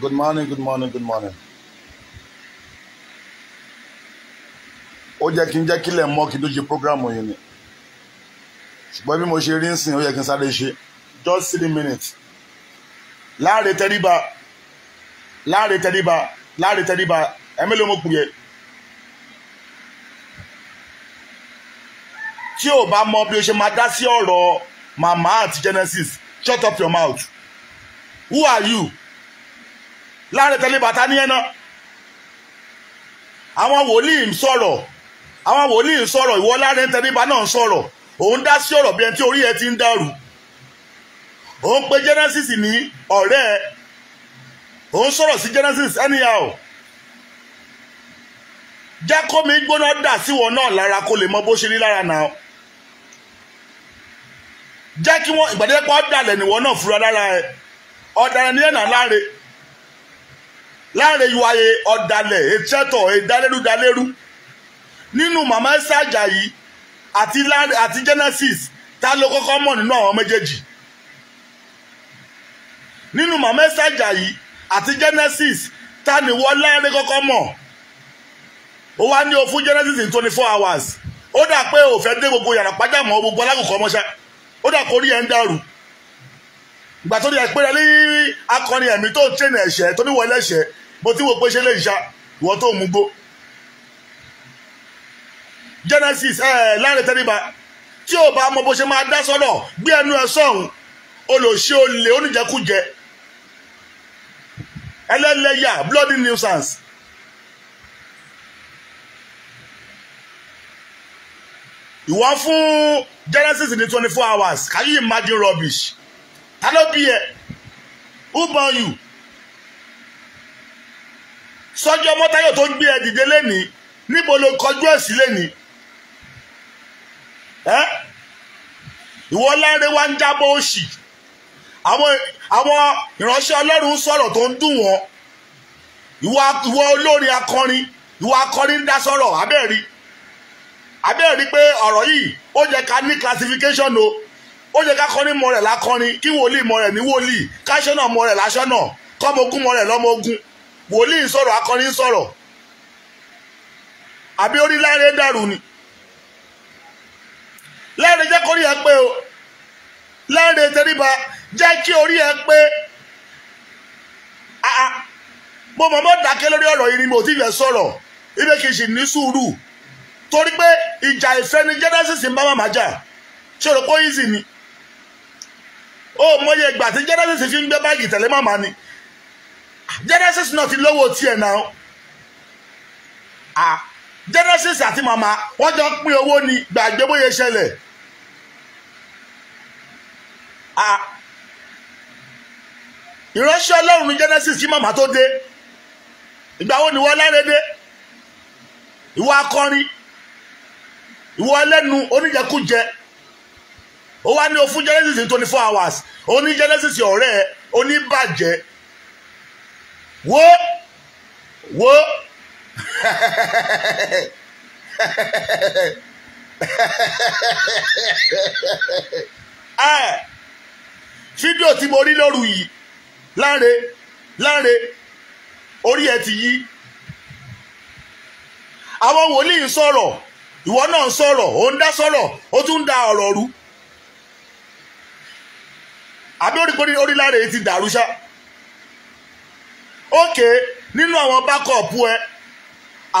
Good morning, good morning, good morning. Ó jẹ́ kí n jẹ́ kílẹ̀ mọ́ kí n tó ṣe prógrámù yìí ni. Ṣùgbọ́n bí mo ṣe rí ń sìn ó yẹ kí n sáré ṣe just three minutes. Láàrè tẹríba láàrè tẹríba láàrè tẹríba ẹ̀mí ló mo kù yẹ. Tí ò bá mọ bí o ṣe máa dá sí ọ̀rọ̀ màmá àti Genesis shut up your mouth. Who are you? láàrin tẹ̀lé bàtà ní ẹ̀nà àwọn wòlíì ń sọ̀rọ̀ àwọn wòlíì ń sọ̀rọ̀ ìwọ láàrin tẹ̀lé bàtà náà ń sọ̀rọ̀ òun dá sí ọ̀rọ̀ bí ẹni orí ẹ ti ń dàrú òun pe Genesis ní ọ̀rẹ́ ẹ òun sọ̀rọ̀ sí Genesis anyhow jẹ́ gbóná dà náà lára kó mọ bó ṣe rí lára náà jẹ́ kí wọ́n ọ̀dàlẹ̀ náà fura lára ẹ ọ̀dàlẹ̀ láàrin ìwà ọ̀dàlẹ̀ ètsẹ́tọ̀ èdálérúdálérú nínú màmá Esther Ajayi àti àti Genesis ta ló kọ́kọ́ mọ̀ nínú àwọn méjèèjì nínú màmá Esther Ajayi àti Genesis ta ni wọ́n láàrin kọ́kọ́ mọ̀ ó wá ní o fún Genesis in twenty four hours ó dà pé ó fẹ́ dé gbogbo yàrá pàjá mọ́ gbogbo alákòókò ọmọṣẹ́ ó dà kórí ẹ̀ ń dàrú ìgbà tó ní ẹ̀ pé ẹ ní akọni ẹ̀mí tó ń tẹ̀lé ẹ̀ṣẹ̀ tó ní wọlé ẹ̀ṣẹ̀ mo ti wò pé ṣe lè ṣá ìwọ tó mú gbó Genesis ẹ láàrin tẹríba tí ò bá mọ bó ṣe máa dá sọ́dọ̀ gbé ẹnu ẹ sọ̀hún olòṣì olè oníjẹkújẹ ẹlẹ́lẹ́yà bloody nuisance. ìwọ fún Genesis ní twenty four hours can you imagine rubbish ta ló bí ẹ who born you sọjọ mọtayọ tó ń gbé ẹ dìde lẹni níbo ló kọjú ẹ sí lẹni ẹ ìwọ láre wa ń jábọ̀ òṣì àwọn àwọn ìránṣẹ́ Ọlọ́run sọ̀rọ̀ tó ń dùn wọn ìwọ ìwọ olórin akọrin ìwọ akọrin ń dá sọ̀rọ̀ abẹ́ẹ̀rí abẹ́ẹ̀rí pé ọ̀rọ̀ yìí ó jẹ́ ká ní classification o ó jẹ́ ká kọrin mọ rẹ̀ lákọrin kí wòlíì mọ rẹ̀ ní wòlíì káṣọ́nà mọ rẹ̀ láṣọ́nà kọ́mọ ogun mọ rẹ̀ lọ́mọ ogun wòlíì sọ̀rọ̀ akọrin sọ̀rọ̀ àbí orí Láre dàrú ni Láre jẹ́ kórí ẹ pé o Láre tẹríba jẹ́ kí orí ẹ pé mo mọ̀ mọ́ dákẹ́ lórí ọ̀rọ̀ yìí ni mo ti fẹ́ sọ̀rọ̀ ibi kì í sì ní sùúrù torí pé ìjà ìfẹ́ ni Genesis ń bá màmá jà ṣe rò pé ó ni ó mọye ìgbà tí Genesis fi ń gbé báàgì tẹ̀lé màmá ni. Genesis náà ti lówó tiẹ̀ náà ah Genesis àti mama wọ́n jọ pín owó ni gbàgbé bóyá ṣẹlẹ̀ ah ìránṣẹ́ Ọlọ́run ní Genesis tí màmá tó dé ìgbà wo ni wọ́n láré dé ìwọ akọrin ìwọ ẹlẹ́nu oníjẹkújẹ ó wá ní o fún Genesis twenty four hours oní Genesis ọ̀rẹ́ oníbàjẹ́ wo wo eh, fídíò tí mo rí lóru yìí láre láre orí ẹ ti yí àwọn wòlíì ń sọ̀rọ̀ ìwọ náà ń sọ̀rọ̀ ó ń dá sọ̀rọ̀ ó tún ń da ọ̀rọ̀ rú àbí orí orí láre ti dàrú ṣáá ókè nínú àwọn bákọ̀ọ̀pù ẹ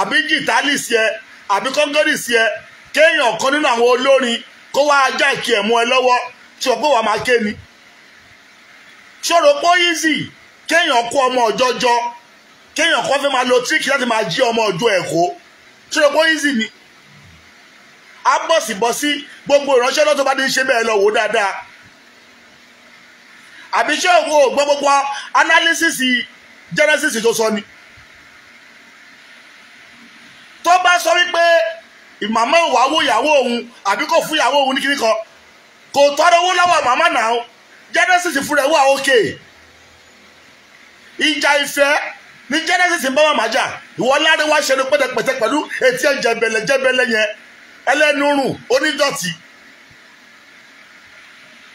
àbí jìtálìsì ẹ àbí kọ́ngọ́rìsì ẹ kéèyàn kan nínú àwọn olórin kó wá ajá ìkí ẹ̀mú ẹ lọ́wọ́ tí wọ́n pé wàá máa ké ni ṣòro pọ́ easy kéèyàn kó ọmọ ọ̀jọ́jọ́ kéèyàn kó fẹ́ máa lo tíríkì láti máa jí ọmọ ọjọ́ ẹ̀kọ́ ṣòro pọ́ easy ni á bọ̀sibọ̀sí gbogbo ìránṣẹ́ lọ́tọ́ bá ti ń ṣe bẹ́ẹ̀ lọ wò dáadáa àbí ṣé òun analysis Genesis tó sọ ni tó bá sọ wípé ìmàmá òwò awó ìyàwó òun àbí kò fún ìyàwó òun ní kíní kan kò tọ́rọ owó lọ́wọ́ màmá náà Genesis fúnra ẹ̀ wà ókè ìjà ìfẹ́ ní Genesis ń bá màmá jà ìwọ láríwá ṣẹlẹ̀ pẹ̀tẹ̀pẹ̀tẹ̀ pẹ̀lú etí ẹ̀ jẹ̀bẹ̀lẹ̀ jẹ̀bẹ̀lẹ̀ yẹn ẹlẹ́nurùn onídọ̀tí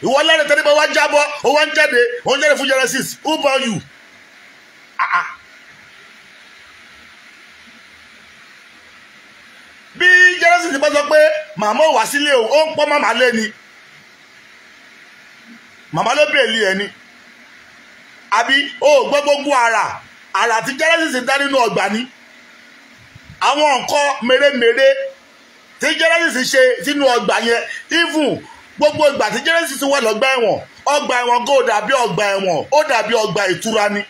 ìwọ láríwá tẹ́lẹ̀ bá wá jábọ̀ ó wá ń jáde ó ń jáde fún Genesis who born you. Ah, ah. bí jẹ́rẹ́sì ti bá sọ pé màmá ò wá sílé o ó ń pọ́ màmá lé ni màmá ló bèèlì ẹ̀ ni àbí ó gbọ́ gbogbo ara ara tí jẹ́rẹ́sì ti dá nínú ọgbà ni àwọn nǹkan mèremère tí jẹ́rẹ́sì ṣe sínú ọgbà yẹn even gbogbo ìgbà tí jẹ́rẹ́sì ti wà lọ́gbà ẹ̀wọ̀n ọgbà ẹ̀wọ̀n kò dàbí ọgbà ẹ̀wọ̀n ó dàbí ọgbà ìtura ni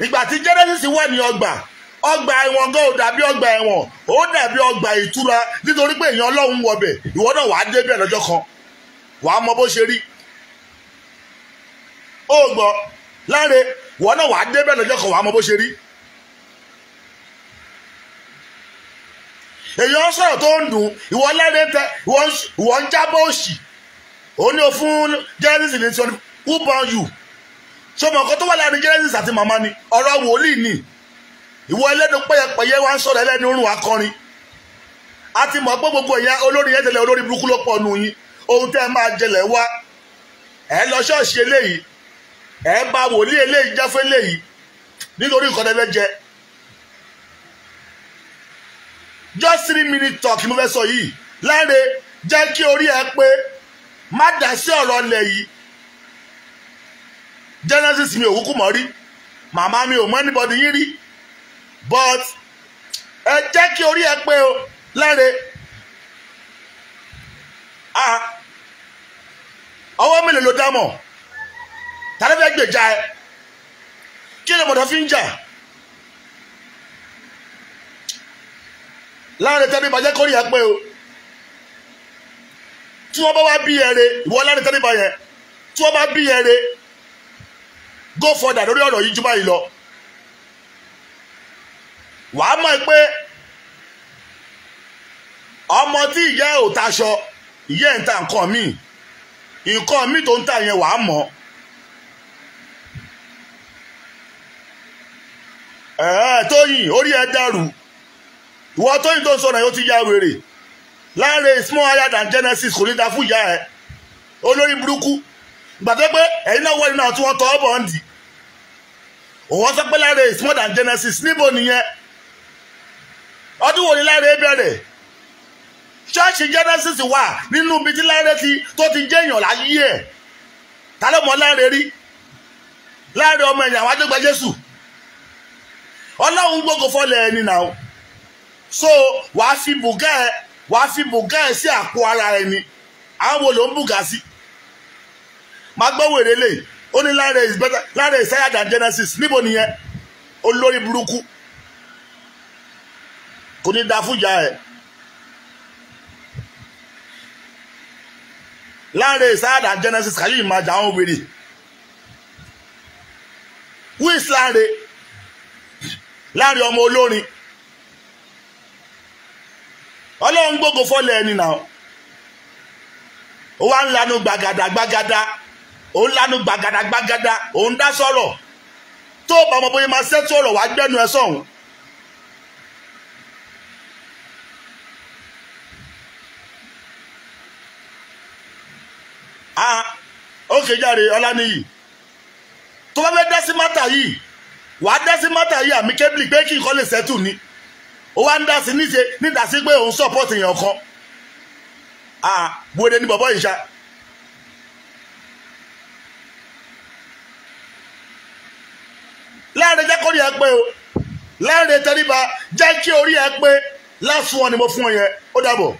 ìgbà tí Genesis wà ní ọgbà ọgbà ẹ̀wọ̀n gan ò dàbí ọgbà ẹ̀wọ̀n ó dàbí ọgbà ìtura nítorí pé èèyàn Ọlọ́run wọbẹ̀ ìwọ náà wàá débẹ̀ lọ́jọ́ kan wàá mọ bó ṣe rí ó gbọ́ láre ìwọ náà wàá débẹ̀ lọ́jọ́ kan wàá mọ bó ṣe rí. èèyàn sọ̀rọ̀ tó ń dùn ìwọ láre tẹ ìwọ ń jábọ̀ òṣì ó ní o fún Genesis ní twenty who born you sọmọ ọkọ tó wà láàrin genesis àti màmá ni ọ̀rọ̀ wòlíì ni ìwọ ẹlẹ́nu pẹ́yẹpẹ́yẹ wa ń sọ̀rọ̀ ẹlẹ́nu rún akọrin a ti mọ̀ pé gbogbo ìyá olórí yẹn tẹ̀lé olórí burúkú ló pọ̀ nù yín ohun tẹ́ ẹ máa jẹlẹ̀ wá ẹ lọ ṣọ́ọ̀ṣì eléyìí ẹ bá wòlíì eléyìí jáfẹ́ eléyìí nítorí nǹkan tẹ́lẹ̀ jẹ just three minute talk mo fẹ́ sọ yìí láre jẹ́ kí orí ẹ pé má dá sí ọ̀rọ̀ lẹ̀ yìí genesis mi ò kúkú mọ́ rí màmá mi ò mọ anybody yín rí but ẹ jẹ́ kí orí ẹ pé o lẹ́rẹ̀ ọwọ́ mi lè lo dámọ̀ tàbí fẹ́ gbèjà ẹ kí ni mọ̀dọ̀ fi ń jà láàrin tẹ́lifà jẹ́ kórìí ẹ pé o tí wọ́n bá wá bí ẹ re ìwọ láàrin tẹ́lifà yẹn tí wọ́n bá bí ẹ re go further lórí ọ̀rọ̀ yìí jù báyìí lọ wàá mọ̀ pé ọmọ tí ìyá ẹ̀ ò taṣọ ìyá ẹ̀ ń ta nǹkan míì nǹkan míì tó ń ta yẹn wàá mọ̀ ẹ̀ẹ́ tóyìn orí ẹ̀ dàrú ìwọ tóyìn tó ń sọ̀rọ̀ yóò ti ya wèrè láàrin small higher than genesis kò ní ta fún ìyá ẹ̀ olórí burúkú. gbàtẹ́ pé ẹ̀yin náà wọ́n iná tí wọ́n tọ́ sọ pé láre is more than genesis níbo nìyẹn ọdún wo ni láre bẹ̀rẹ̀ ṣọ́ọ̀ṣì genesis wà nínú ibi tí láre ti tó ti jẹ́yàn láyé ẹ̀ ta ló mọ láre rí láre ọmọ jésù ọlọ́run gbogbo fọlẹ̀ ẹni so wàá fi fi bùgá ẹ sí àpò ara ẹni àwọn wo ló ń bùgá máa gbọ́ wèrè lè ó is better lára is higher than Genesis níbo nìyẹn olórí burúkú kò ní da fújà ẹ̀ lára is higher than Genesis kàyí ìmájà àwọn wèrè wíìs láre láre ọmọ olórin ọlọ́run gbogbo fọ́lẹ̀ ẹni náà ó wá ń lanu gbàgàdà gbàgàdà òun lanu gbàgàdàgbàgàdà òun dá sọ̀rọ̀ tó bá ọmọ bóyá máa ṣètò ọ̀rọ̀ wá gbẹ́nu ẹ sọ̀hún. ó ké jáde ọlánìyí tó bá fẹ́ dá sí mátà yìí wàá dá sí mátà yìí àmì kébìlì pé kí nǹkan lè ṣẹ́tù ni ó wá ń dá sí níṣe nídàásí pé òun sọ̀pọ̀tì èèyàn kan. wèrè ni bọ̀bọ̀ yìí ṣá. láàrin jẹ́ kórìí ẹ pé o láàrin tẹríba jẹ́ kí orí ẹ pé lásùn ọ ni mo fún ọ yẹn ó dàbọ̀.